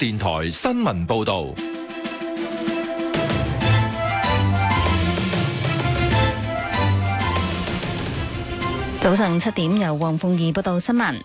電台新聞報道。早上七點，由黃鳳儀報道新聞。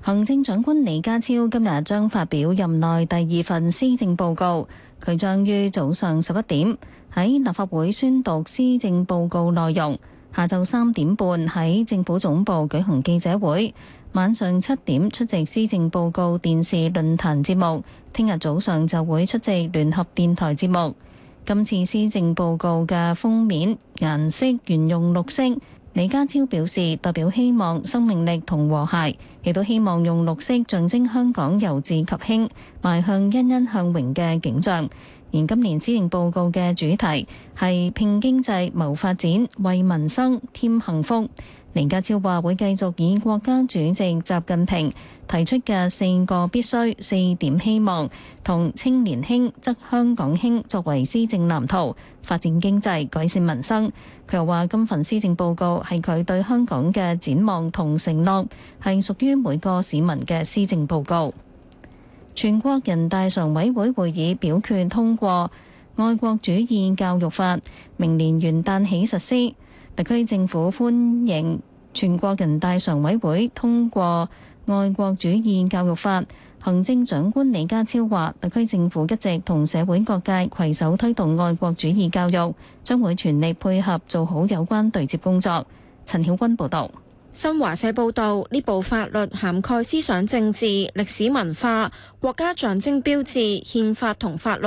行政長官李家超今日將發表任內第二份施政報告，佢將於早上十一點喺立法會宣讀施政報告內容，下晝三點半喺政府總部舉行記者會。晚上七點出席施政報告電視論壇節目，聽日早上就會出席聯合電台節目。今次施政報告嘅封面顏色沿用綠色，李家超表示代表希望生命力同和，和諧，亦都希望用綠色象徵香港由治及興，邁向欣欣向榮嘅景象。而今年施政報告嘅主題係拼經濟、謀發展、為民生添幸福。李家超話：會繼續以國家主席習近平提出嘅四個必須、四點希望同青年興、則香港興作為施政藍圖，發展經濟、改善民生。佢又話：今份施政報告係佢對香港嘅展望同承諾，係屬於每個市民嘅施政報告。全國人大常委會會議表決通過《愛國主義教育法》，明年元旦起實施。特區政府歡迎全國人大常委會通過《愛國主義教育法》。行政長官李家超話，特區政府一直同社會各界携手推動愛國主義教育，將會全力配合做好有關對接工作。陳曉君報道。新華社報道，呢部法律涵蓋思想政治、歷史文化、國家象徵標誌、憲法同法律、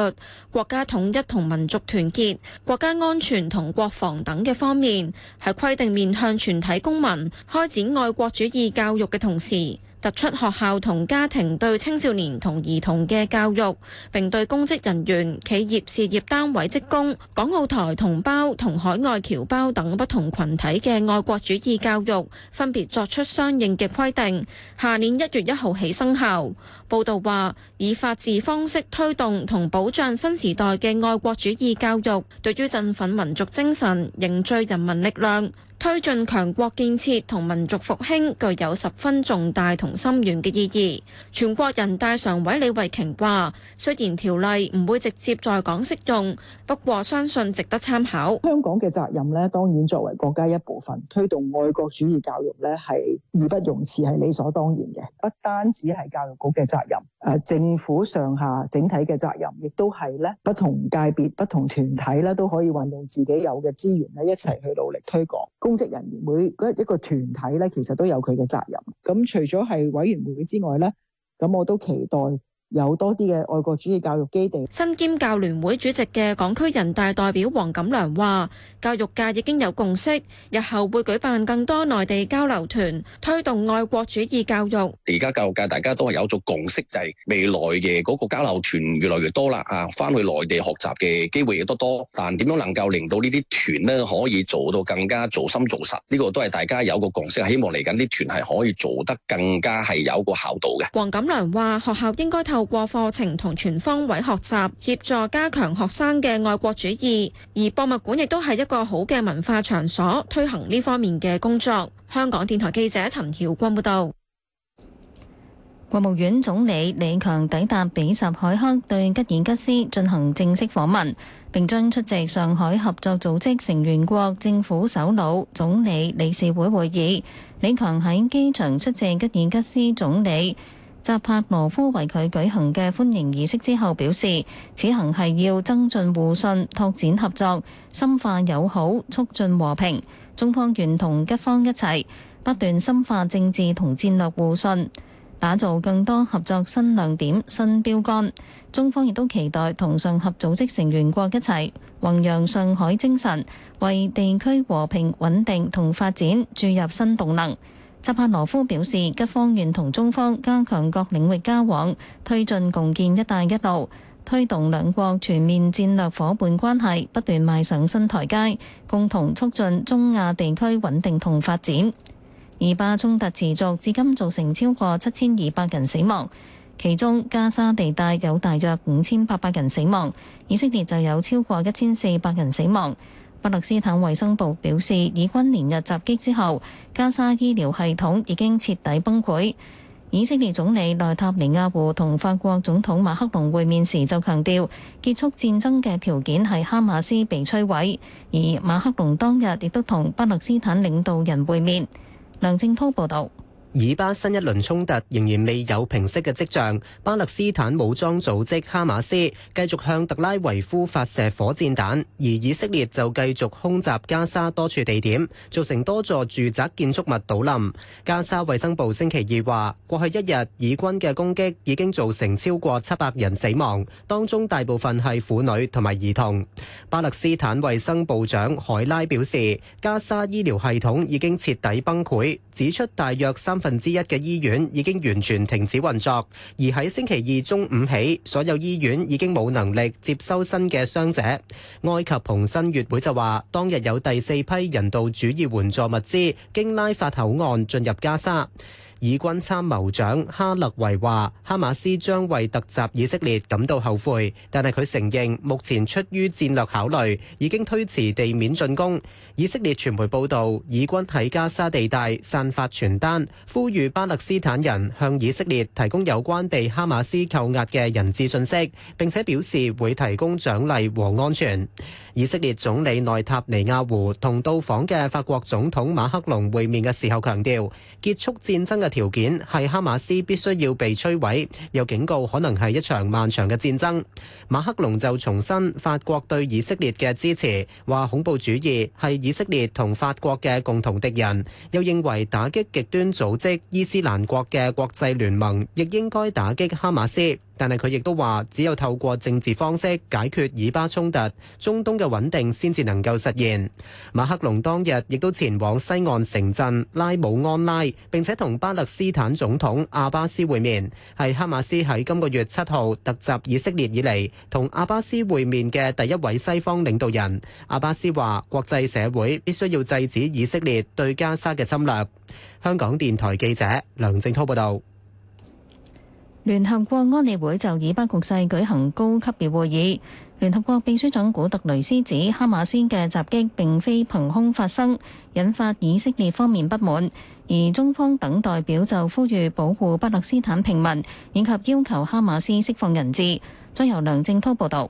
國家統一同民族團結、國家安全同國防等嘅方面，係規定面向全體公民開展愛國主義教育嘅同時，突出學校同家庭對青少年同兒童嘅教育，並對公職人員、企業事業單位職工、港澳台同胞同海外僑胞等不同群體嘅愛國主義教育，分別作出相應嘅規定。下年一月一號起生效。報道話，以法治方式推動同保障新時代嘅愛國主義教育，對於振奮民族精神、凝聚人民力量，推進強國建設同民族復興具有十分重大同深遠嘅意義。全國人大常委李慧瓊話，雖然條例唔會直接在港適用，不過相信值得參考。香港嘅責任呢，當然作為國家一部分，推動愛國主義教育呢，係義不容辭，係理所當然嘅，不單止係教育局嘅責任，誒、啊、政府上下整體嘅責任，亦都係咧不同界別、不同團體咧都可以運用自己有嘅資源咧一齊去努力推廣。公職人員每一個一個團體咧，其實都有佢嘅責任。咁除咗係委員會之外咧，咁我都期待。有多啲嘅愛國主義教育基地。身兼教聯會主席嘅港區人大代表黃錦良話，教育界已經有共識，日後會舉辦更多內地交流團，推動愛國主義教育。而家教育界大家都係有一種共識，就係未來嘅嗰個交流團越來越多啦，啊，翻去內地學習嘅機會亦都多。但點樣能夠令到呢啲團呢可以做到更加做深做實？呢個都係大家有個共識，希望嚟緊啲團係可以做得更加係有一個效度嘅。黃錦良話，學校應該透。過課程同全方位學習，協助加強學生嘅愛國主義。而博物館亦都係一個好嘅文化場所，推行呢方面嘅工作。香港電台記者陳曉君報道。國務院總理李強抵達比什凱克，對吉爾吉斯進行正式訪問，並將出席上海合作組織成員國政府首腦、總理理事會會議。李強喺機場出席吉爾吉斯總理。扎帕羅夫為佢舉行嘅歡迎儀式之後表示，此行係要增進互信、拓展合作、深化友好、促進和平。中方願同吉方一齊不斷深化政治同戰略互信，打造更多合作新亮點、新標杆。中方亦都期待同上合組織成員國一齊弘揚上海精神，為地區和平穩定同發展注入新動能。扎帕羅夫表示，吉方願同中方加強各領域交往，推進共建“一帶一路”，推動兩國全面戰略伙伴關係不斷邁上新台階，共同促進中亞地區穩定同發展。以巴衝突持續至今，造成超過七千二百人死亡，其中加沙地帶有大約五千八百人死亡，以色列就有超過一千四百人死亡。巴勒斯坦衞生部表示，以軍連日襲擊之後，加沙醫療系統已經徹底崩潰。以色列總理內塔尼亞胡同法國總統馬克龍會面時就強調，結束戰爭嘅條件係哈馬斯被摧毀，而馬克龍當日亦都同巴勒斯坦領導人會面。梁正濤報道。以巴新一輪衝突仍然未有平息嘅跡象，巴勒斯坦武裝組織哈馬斯繼續向特拉維夫發射火箭彈，而以色列就繼續空襲加沙多處地點，造成多座住宅建築物倒冧。加沙衛生部星期二話，過去一日以軍嘅攻擊已經造成超過七百人死亡，當中大部分係婦女同埋兒童。巴勒斯坦衛生部長海拉表示，加沙醫療系統已經徹底崩潰，指出大約三分之一嘅醫院已經完全停止運作，而喺星期二中午起，所有醫院已經冇能力接收新嘅傷者。埃及紅新月會就話，當日有第四批人道主義援助物資經拉法口岸進入加沙。以軍參謀長哈勒維話：哈馬斯將為突襲以色列感到後悔，但係佢承認目前出於戰略考慮，已經推遲地面進攻。以色列傳媒報道，以軍喺加沙地帶散發傳單，呼籲巴勒斯坦人向以色列提供有關被哈馬斯扣押嘅人質信息，並且表示會提供獎勵和安全。以色列總理內塔尼亞胡同到訪嘅法國總統馬克龍會面嘅時候強調，結束戰爭嘅。條件係哈馬斯必須要被摧毀，又警告可能係一場漫長嘅戰爭。馬克龍就重申法國對以色列嘅支持，話恐怖主義係以色列同法國嘅共同敵人，又認為打擊極端組織伊斯蘭國嘅國際聯盟亦應該打擊哈馬斯。但係佢亦都話，只有透過政治方式解決以巴衝突，中東嘅穩定先至能夠實現。馬克龍當日亦都前往西岸城鎮拉姆安拉，並且同巴勒斯坦總統阿巴斯會面，係哈馬斯喺今個月七號突襲以色列以嚟同阿巴斯會面嘅第一位西方領導人。阿巴斯話：國際社會必須要制止以色列對加沙嘅侵略。香港電台記者梁正滔報道。聯合國安理會就以巴局勢舉行高級別會議。聯合國秘書長古特雷斯指，哈馬斯嘅襲擊並非憑空發生，引發以色列方面不滿。而中方等代表就呼籲保護巴勒斯坦平民，以及要求哈馬斯釋放人質。再由梁正滔報導。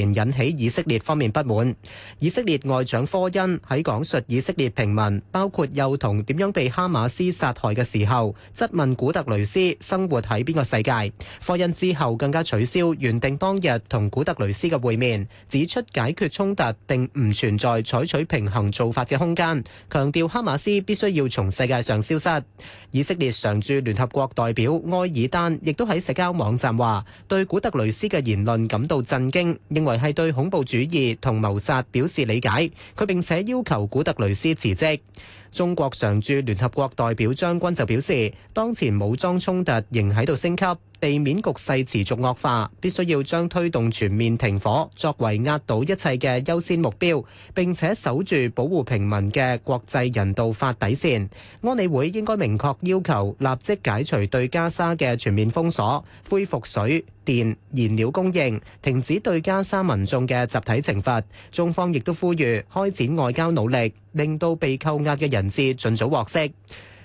然引起以色列方面不滿。以色列外長科恩喺講述以色列平民，包括幼童點樣被哈馬斯殺害嘅時候，質問古特雷斯生活喺邊個世界。科恩之後更加取消原定當日同古特雷斯嘅會面，指出解決衝突並唔存在採取平衡做法嘅空間，強調哈馬斯必須要從世界上消失。以色列常駐聯合國代表埃爾丹亦都喺社交網站話，對古特雷斯嘅言論感到震驚。認為係對恐怖主義同謀殺表示理解，佢並且要求古特雷斯辭職。中國常駐聯合國代表張軍就表示，當前武裝衝突仍喺度升級。避免局勢持續惡化，必須要將推動全面停火作為壓倒一切嘅優先目標，並且守住保護平民嘅國際人道法底線。安理會應該明確要求立即解除對加沙嘅全面封鎖，恢復水電燃料供應，停止對加沙民眾嘅集體懲罰。中方亦都呼籲開展外交努力，令到被扣押嘅人士盡早獲釋。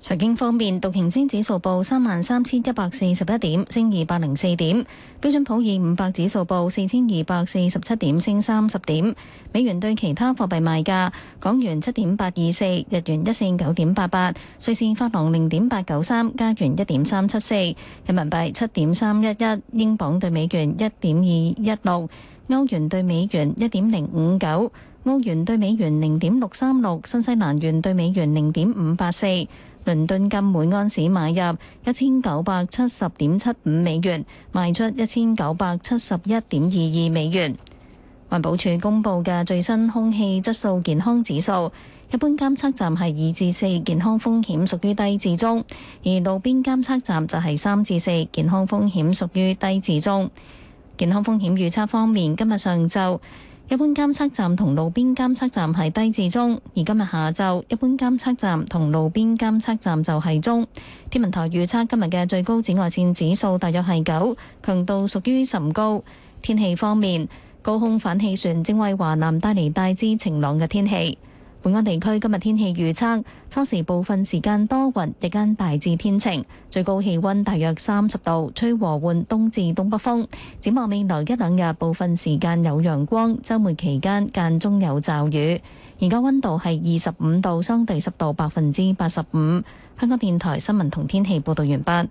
財經方面，道行星指數報三萬三千一百四十一點，升二百零四點；標準普爾五百指數報四千二百四十七點，升三十點。美元對其他貨幣賣價：港元七點八二四，日元一線九點八八，瑞士法郎零點八九三，加元一點三七四，人民幣七點三一一，英鎊對美元一點二一六，歐元對美元一點零五九，澳元對美元零點六三六，新西蘭元對美元零點五八四。倫敦金每安士買入一千九百七十點七五美元，賣出一千九百七十一點二二美元。環保署公布嘅最新空氣質素健康指數，一般監測站係二至四，健康風險屬於低至中；而路邊監測站就係三至四，健康風險屬於低至中。健康風險預測方面，今日上晝。一般監測站同路邊監測站係低至中，而今日下晝一般監測站同路邊監測站就係中。天文台預測今日嘅最高紫外線指數大約係九，強度屬於甚高。天氣方面，高空反氣旋正為華南帶嚟大致晴朗嘅天氣。本港地區今日天氣預測：初時部分時間多雲，日間大致天晴，最高氣温大約三十度，吹和緩東至東北風。展望未來一兩日，部分時間有陽光，周末期間間中有驟雨。而家温度係二十五度，相對濕度，百分之八十五。香港電台新聞同天氣報導完畢。